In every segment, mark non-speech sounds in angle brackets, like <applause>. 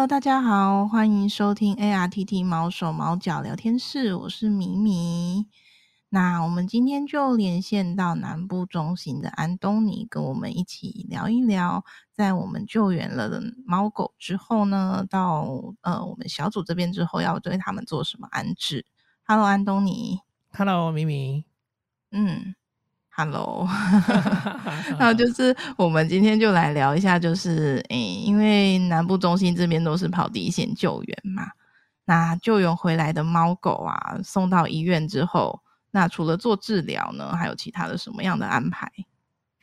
Hello，大家好，歡迎收聽 ARTT 毛手毛腳聊天室，我是米米。那我們今天就連線到南部中心的安東尼，跟我們一起聊一聊，在我們救援了的貓狗之後呢，到呃我們小組這邊之後要對他們做什麼安置。Hello，安東尼。Hello，米米。嗯。Hello， <laughs> 那就是我們今天就來聊一下，就是誒、欸，因為南部中心這邊都是跑第一線救援嘛，那救援回來的貓狗啊，送到醫院之後，那除了做治療呢，還有其他的什麼樣的安排？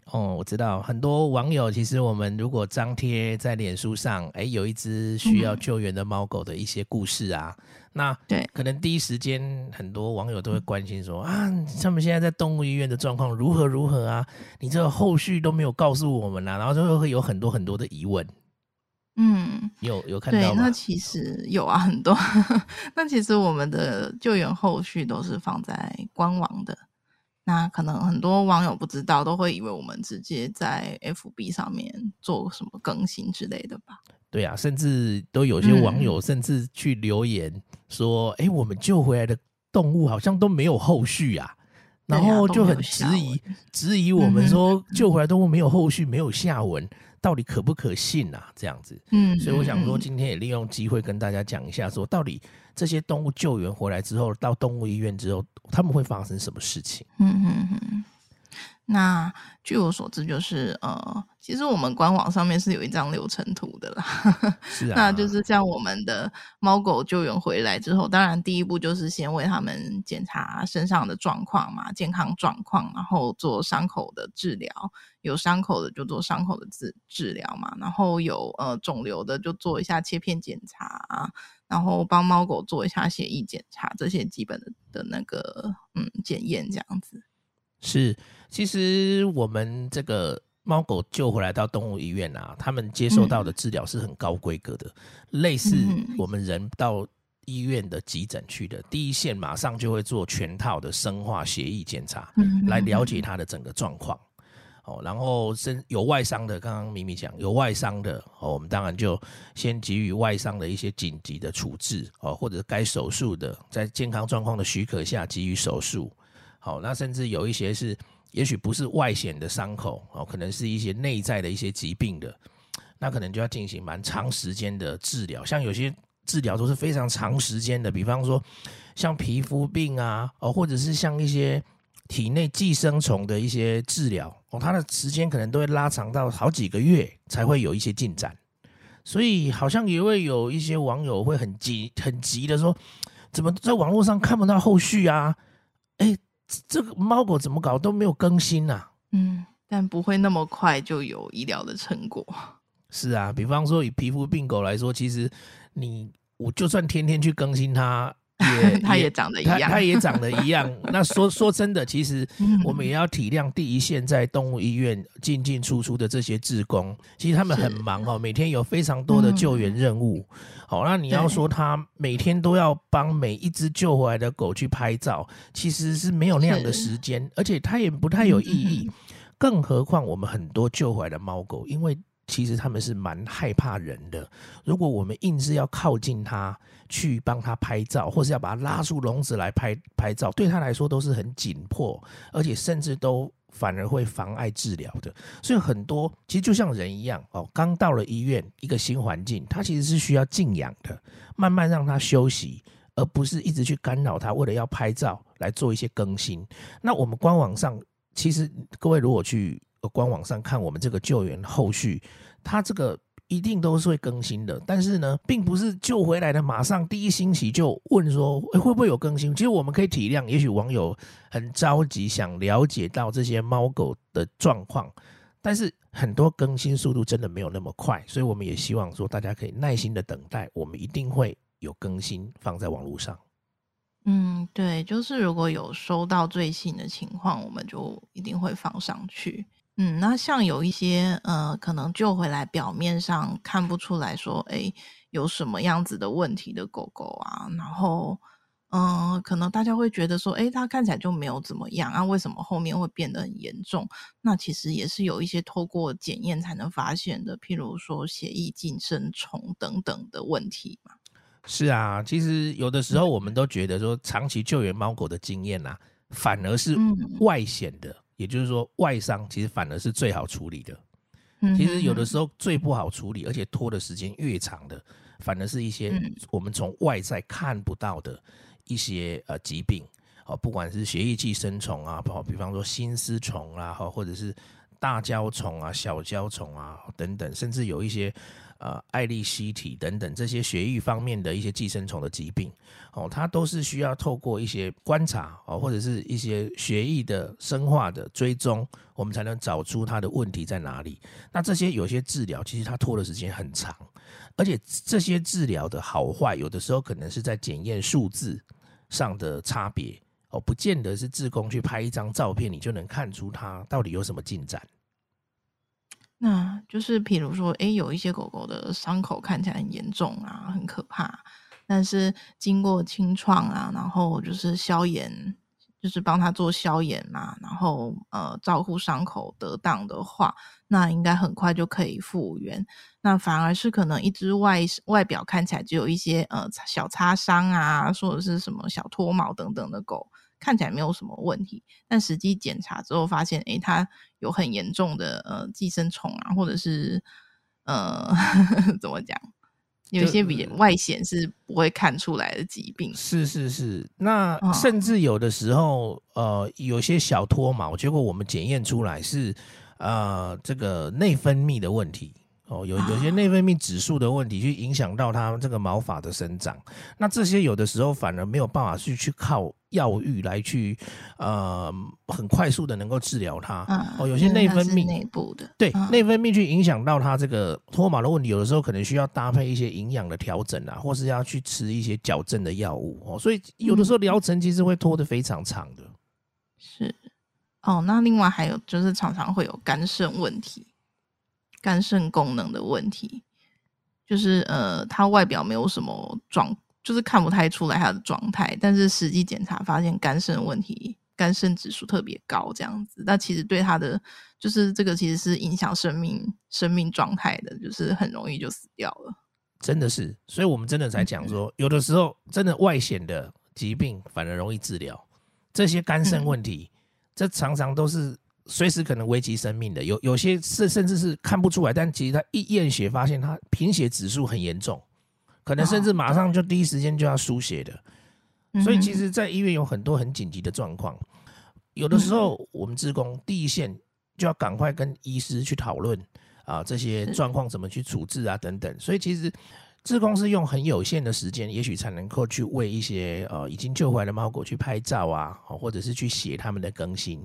哦，我知道很多網友其實我們如果張貼在臉書上，哎、欸，有一隻需要救援的貓狗的一些故事啊。嗯。那對，可能第一時間，很多網友都會關心說啊，他們現在在動物醫院的狀況如何如何啊？你這個後續都沒有告訴我們啦、啊，然後就會有很多很多的疑問。嗯，有有看到嗎？對，那其實有啊，很多。 <laughs> 那其實我們的救援後續都是放在官網的。那可能很多網友不知道，都會以為我們直接在 FB 上面做什麼更新之類的吧？對啊，甚至都有些網友甚至去留言說：“哎、嗯欸，我們救回來的動物好像都沒有後續啊！”啊然後就很質疑，質疑我們說救回來的動物沒有後續，嗯、沒有下文。到底可不可信啊？這樣子，嗯，所以我想說，今天也利用機會跟大家講一下說，說到底這些動物救援回來之後，到動物醫院之後，他們會發生什麼事情？嗯嗯嗯。嗯那據我所知，就是呃，其實我們官網上面是有一張流程圖的啦。是啊。 <laughs> 那就是像我們的貓狗救援回來之後，當然第一步就是先為他們檢查身上的狀況嘛，健康狀況，然後做傷口的治療，有傷口的就做傷口的治治療嘛，然後有呃腫瘤的就做一下切片檢查啊，然後幫貓狗做一下血液檢查，這些基本的的那個嗯檢驗這樣子。是，其實我們這個貓狗救回來到動物醫院啊，他們接受到的治療是很高規格的，嗯、類似我們人到醫院的急診去的、嗯，第一線馬上就會做全套的生化協議檢查，嗯、來了解它的整個狀況。哦，然後身有外傷的，剛剛咪咪講有外傷的，哦，我們當然就先給予外傷的一些緊急的處置，哦，或者該手術的，在健康狀況的許可下給予手術。哦，那甚至有一些是，也許不是外顯的傷口哦，可能是一些內在的一些疾病的，那可能就要進行蠻長時間的治療。像有些治療都是非常長時間的，比方說像皮膚病啊，哦，或者是像一些體內寄生蟲的一些治療哦，它的時間可能都會拉長到好幾個月才會有一些進展。所以好像也會有一些網友會很急很急的說，怎麼在網絡上看不到後續啊？哎、欸。這個貓狗怎麼搞都沒有更新啊。嗯，但不會那麼快就有醫療的成果。是啊，比方說以皮膚病狗來說，其實你我就算天天去更新它。也，也， <laughs> 他也他，他也長得一樣，也長得一樣。那說說真的，其實我們也要體諒第一線在動物醫院進進出出的這些志工、嗯，其實他們很忙哦，每天有非常多的救援任務、嗯。好，那你要說他每天都要幫每一只救回來的狗去拍照，其實是沒有那樣的時間，而且他也不太有意義、嗯。更何況我們很多救回來的貓狗，因為。其實他們是蠻害怕人的。如果我們硬是要靠近他，去幫他拍照，或是要把它拉出籠子來拍拍照，對他來說都是很緊迫，而且甚至都反而會妨礙治療的。所以很多其實就像人一樣哦，剛到了醫院一個新環境，他其實是需要靜養的，慢慢讓他休息，而不是一直去干擾他，為了要拍照來做一些更新。那我們官網上其實各位如果去。官網上看我們這個救援後續，它這個一定都是會更新的。但是呢，並不是救回來的馬上第一星期就問說，欸，會不會有更新？其實我們可以體諒，也許網友很着急想了解到這些貓狗的狀況，但是很多更新速度真的沒有那麼快。所以我們也希望說，大家可以耐心的等待，我們一定會有更新放在網絡上。嗯，對，就是如果有收到最新的情況，我們就一定會放上去。嗯，那像有一些呃，可能救回來表面上看不出來說，哎，有什麼樣子的問題的狗狗啊，然後嗯、呃，可能大家會覺得說，哎，它看起來就沒有怎麼樣啊，為什麼後面會變得很嚴重？那其實也是有一些透過檢驗才能發現的，譬如說血液寄生蟲等等的問題嘛。是啊，其實有的時候我們都覺得說，長期救援貓狗的經驗啊，反而是外顯的。嗯也就是說，外傷其實反而是最好處理的。其實有的時候最不好處理，嗯、而且拖的時間越長的，反而是一些我們從外在看不到的一些呃疾病啊、嗯哦，不管是血液寄生蟲啊，比方說心絲蟲啊，或者是大焦蟲啊、小焦蟲啊等等，甚至有一些，啊、呃，艾利希體等等這些血液方面的一些寄生蟲的疾病，哦，它都是需要透過一些觀察哦，或者是一些血液的生化的追蹤，我們才能找出它的問題在哪裡。那這些有些治療其實它拖的時間很長，而且這些治療的好壞，有的時候可能是在檢驗數字上的差別哦，不見得是志工去拍一張照片，你就能看出它到底有什麼進展。那就是，譬如說，誒、欸，有一些狗狗的傷口看起來很嚴重啊，很可怕，但是經過清創啊，然後就是消炎，就是幫他做消炎嘛，然後呃，照顧傷口得當的話，那應該很快就可以復原。那反而是可能一隻外外表看起來只有一些呃小擦傷啊，或者是什麼小脫毛等等的狗。看起來沒有什麼問題，但實際檢查之後發現，誒、欸，它有很嚴重的呃寄生蟲啊，或者是呃呵呵怎麼講，有一些比較外顯是不會看出來的疾病。是是是，那甚至有的時候，呃，有些小脫毛，結果我們檢驗出來是呃這個內分泌的問題。哦，有有些內分泌指數的問題，去影響到它這個毛髮的生長、啊。那這些有的時候反而沒有辦法去去靠藥浴來去呃，很快速的能夠治療它、啊。哦，有些內分泌內、嗯、部的，對內、啊、分泌去影響到它這個脫毛的問題，有的時候可能需要搭配一些營養的調整啊，或是要去吃一些矯正的藥物。哦，所以有的時候療程其實會拖得非常長的。嗯、是，哦，那另外還有就是常常會有肝腎問題。肝腎功能的問題，就是呃，它外表沒有什麼狀，就是看不太出來它的狀態，但是實際檢查發現肝腎問題，肝腎指數特別高，這樣子。但其實對它的，就是這個其實是影響生命、生命狀態的，就是很容易就死掉了。真的是，所以我們真的才講說、嗯，有的時候真的外顯的疾病反而容易治療，這些肝腎問題、嗯，這常常都是。隨時可能危及生命的，有有些甚甚至是看不出來，但其實他一驗血發現他貧血指數很嚴重，可能甚至馬上就第一時間就要輸血的、啊。所以其實，在醫院有很多很緊急的狀況、嗯，有的時候我們志工第一線就要趕快跟醫師去討論、嗯、啊，這些狀況怎麼去處置啊等等。所以其實志工是用很有限的時間，也許才能夠去為一些呃、啊、已經救回來的貓狗去拍照啊,啊，或者是去寫他們的更新。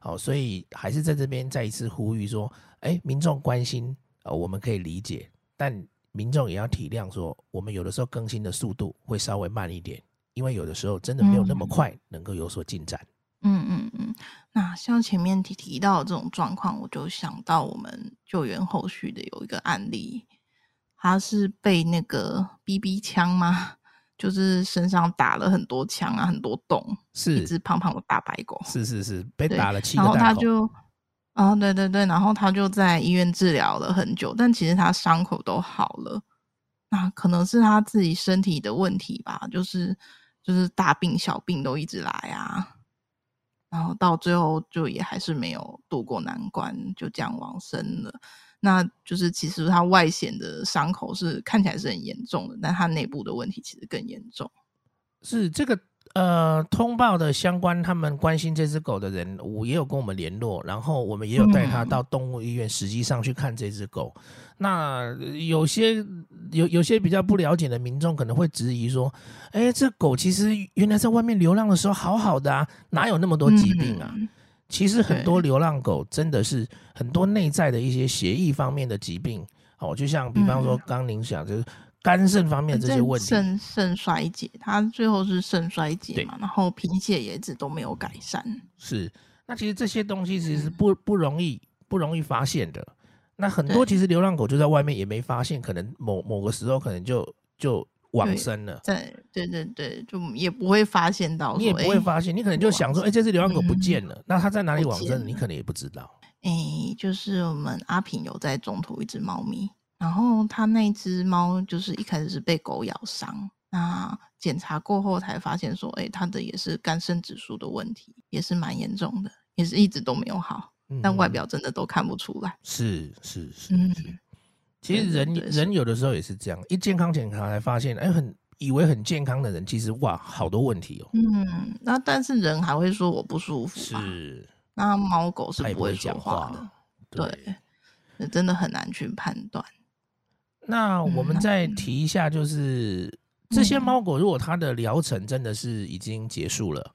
好、哦，所以還是在這邊再一次呼籲說，哎，民眾關心，呃，我們可以理解，但民眾也要體諒說，說我們有的時候更新的速度會稍微慢一點，因為有的時候真的沒有那麼快能夠有所進展。嗯嗯嗯。那像前面提提到這種狀況，我就想到我們救援後續的有一個案例，他是被那個 BB 槍嗎？就是身上打了很多槍啊，很多洞。是一隻胖胖的大白狗。是是是，被打了七個洞。然後他就，啊，對對對，然後他就在醫院治療了很久，但其實他傷口都好了。那，啊，可能是他自己身體的問題吧，就是就是大病小病都一直來啊。然後到最後就也還是沒有渡過難關，就這樣往生了。那就是其實他外顯的傷口是看起來是很嚴重的，但他內部的問題其實更嚴重。是這個。呃，通報的相關他們關心這隻狗的人，我也有跟我們聯絡，然後我們也有帶它到動物醫院，實際上去看這隻狗。那有些有有些比較不了解的民眾可能會質疑說：“誒，這狗其實原來在外面流浪的時候好好的啊，哪有那麼多疾病啊？”其實很多流浪狗真的是很多內在的一些血液方面的疾病哦，就像比方說剛您講就是。肝腎方面的這些問題，腎腎衰竭，它最後是腎衰竭嘛，然後貧血也一直都沒有改善。嗯、是，那其實這些東西其實是不、嗯、不容易不容易發現的。那很多其實流浪狗就在外面也沒發現，可能某某個時候可能就就往生了。對對對對，就也不會發現到。你也不會發現，欸、你可能就想說，哎、欸，這隻流浪狗不見了、嗯，那它在哪裡往生，你可能也不知道。哎、欸，就是我們阿平有在中途一隻貓咪。然後他那只貓就是一開始是被狗咬傷，那檢查過後才發現說，哎、欸，它的也是肝腎指數的問題，也是蠻嚴重的，也是一直都沒有好，但外表真的都看不出來。嗯、是是是,是、嗯，其實人人有的時候也是這樣，一健康檢查才發現，哎、欸，很以為很健康的人，其實哇，好多問題哦、喔。嗯，那但是人還會說我不舒服，是。那貓狗是不會講話的話對，對，真的很難去判斷。那我們再提一下，就是、嗯、這些貓狗，如果它的療程真的是已經結束了，嗯、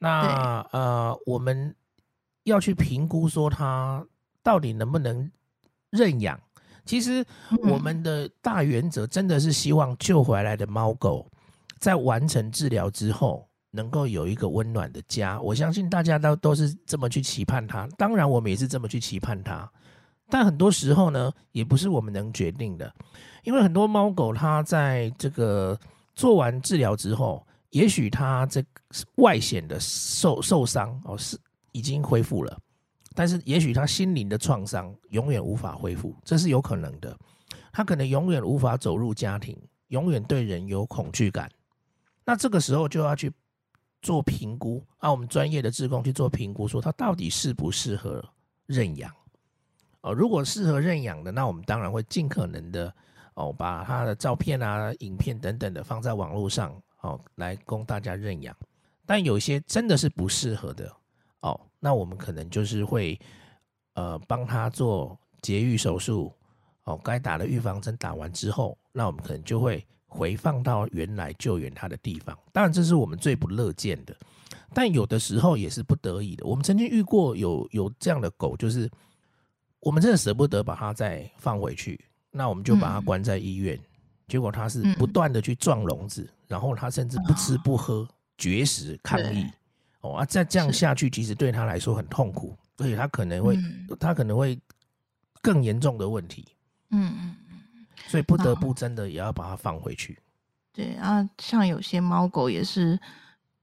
那呃，我們要去評估說它到底能不能認養。其實我們的大原則真的是希望救回來的貓狗，在完成治療之後，能夠有一個溫暖的家。我相信大家都都是這麼去期盼它，當然我們也是這麼去期盼它。但很多時候呢，也不是我們能決定的，因為很多貓狗它在這個做完治療之後，也許它這個外顯的受受傷哦是已經恢復了，但是也許他心靈的創傷永遠無法恢復，這是有可能的。他可能永遠無法走入家庭，永遠對人有恐懼感。那這個時候就要去做評估，按、啊、我們專業的志工去做評估，說他到底適不適合認養。如果適合認養的，那我們當然會盡可能的哦，把它的照片啊、影片等等的放在網絡上哦，來供大家認養。但有些真的是不適合的哦，那我們可能就是會呃，幫他做節育手術哦，該打的預防針打完之後，那我們可能就會回放到原來救援它的地方。當然，這是我們最不樂見的，但有的時候也是不得已的。我們曾經遇過有有這樣的狗，就是。我們真的捨不得把它再放回去，那我們就把它關在醫院。嗯、結果它是不斷的去撞籠子，嗯、然後它甚至不吃不喝、哦、絕食抗議。哦啊，再這樣下去，其實對它來說很痛苦，所以它可能會，它、嗯、可能會更嚴重的問題。嗯嗯嗯，所以不得不真的也要把它放回去。對啊，像有些貓狗也是。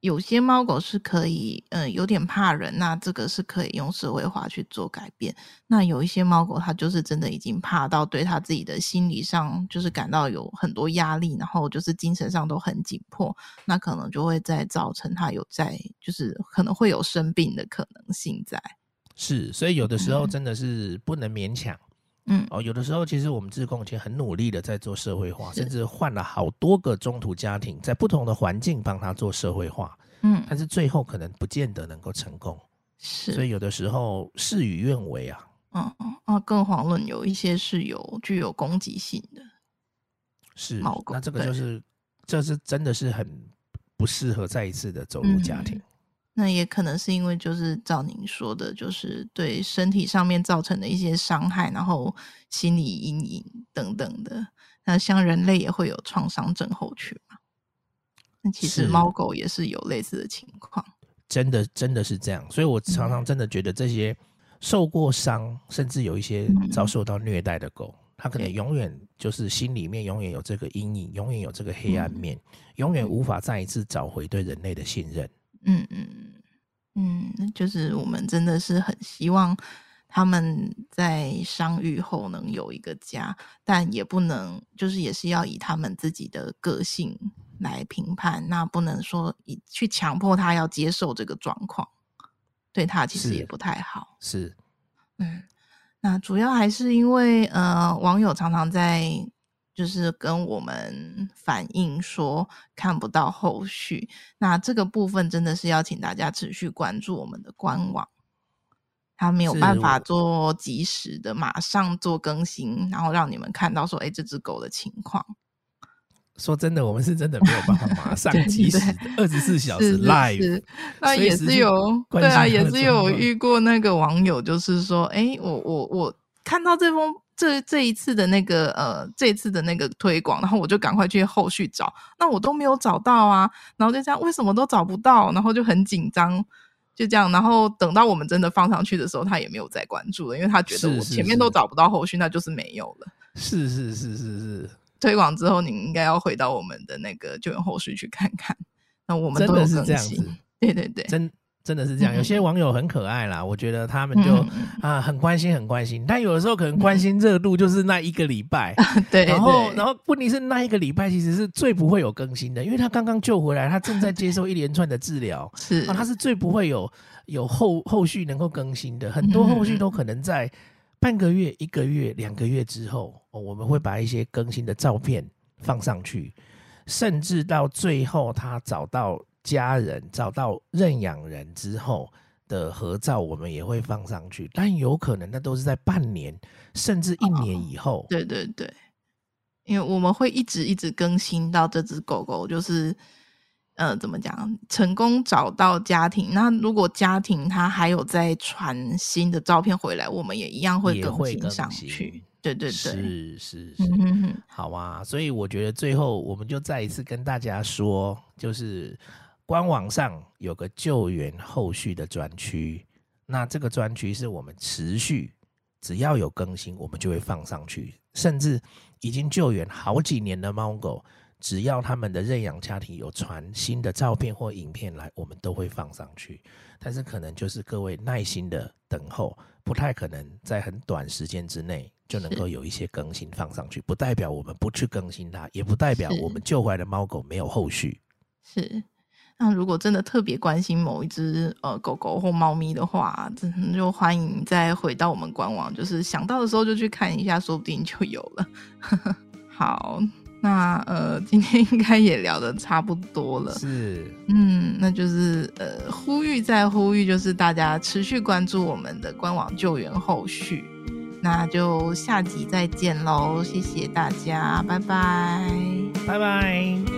有些貓狗是可以，嗯，有點怕人，那這個是可以用社會化去做改變。那有一些貓狗，它就是真的已經怕到對他自己的心理上，就是感到有很多壓力，然後就是精神上都很緊迫，那可能就會再造成它有在，就是可能會有生病的可能性在。是，所以有的時候真的是不能勉強。嗯嗯哦，有的時候其實我們志工已經很努力的在做社會化，甚至換了好多個中途家庭，在不同的環境幫他做社會化。嗯，但是最後可能不見得能夠成功。是，所以有的時候事與願違啊。嗯嗯啊，更遑論有一些是有具有攻擊性的，是。那這個就是，這是真的是很不適合再一次的走入家庭。嗯那也可能是因為，就是照您說的，就是對身體上面造成的一些傷害，然後心理陰影等等的。那像人類也會有創傷症候群嘛，那其實貓狗也是有類似的情況。真的，真的是這樣。所以我常常真的覺得，這些受過傷、嗯，甚至有一些遭受到虐待的狗，嗯、它可能永遠就是心裡面永遠有這個陰影，永遠有這個黑暗面，嗯、永遠無法再一次找回對人類的信任。嗯嗯。嗯，就是我們真的是很希望他們在傷癒後能有一個家，但也不能，就是也是要以他們自己的個性來評判，那不能說以去強迫他要接受這個狀況，對他其實也不太好。是，是嗯，那主要還是因為呃，網友常常在。就是跟我們反映說看不到後續，那這個部分真的是要請大家持續關注我們的官網，他沒有辦法做及時的馬上做更新，然後讓你們看到說，哎、欸，這只狗的情況。說真的，我們是真的沒有辦法馬上及 <laughs> 時的對，二十四小時 live，是是是，那也是有對啊，也是有遇過那個網友，就是說，哎、欸，我我我看到這封。這這一次的那個呃，這一次的那個推廣，然後我就趕快去後續找，那我都沒有找到啊，然後就這樣，為什麼都找不到？然後就很緊張，就這樣，然後等到我們真的放上去的時候，他也沒有再關注了，因為他覺得我前面都找不到後續，是是是，那就是沒有了。是是是是是，推廣之後，你應該要回到我們的那個，就用後續去看看。那我們都有更新。真的是這樣子。對對對，真。真的是這樣，有些網友很可愛啦，嗯、我覺得他們就啊、嗯呃、很關心很關心，但有的時候可能關心熱度就是那一個禮拜，嗯、 <laughs> 對，然後然後問題是那一個禮拜其實是最不會有更新的，因為他剛剛救回來，他正在接受一連串的治療，嗯、是，他是最不會有有後後續能夠更新的，很多後續都可能在半個月、一個月、兩個月之後，哦、我們會把一些更新的照片放上去，甚至到最後他找到。家人，找到認養人之後的合照，我們也會放上去，但有可能那都是在半年甚至一年以後、哦。對對對，因為我們會一直一直更新到這隻狗狗，就是呃怎麼講，成功找到家庭。那如果家庭它還有再傳新的照片回來，我們也一樣會更新上去。對對對，是是是，是 <laughs> 好啊。所以我覺得最後我們就再一次跟大家說，就是。官網上有個救援後續的專區，那這個專區是我們持續只要有更新，我們就會放上去。甚至已經救援好幾年的貓狗，只要他們的認養家庭有傳新的照片或影片來，我們都會放上去。但是可能就是各位耐心的等候，不太可能在很短時間之內就能夠有一些更新放上去。不代表我們不去更新它，也不代表我們救回來的貓狗沒有後續。是。那如果真的特別關心某一只呃狗狗或貓咪的話，就，就歡迎再回到我們官網，就是想到的時候就去看一下，說不定就有了。 <laughs> 好，那呃今天應該也聊得差不多了，是，嗯，那就是呃呼籲再呼籲，就是大家持續關注我們的官網救援後續，那就下集再見嘍，謝謝大家，拜拜，拜拜。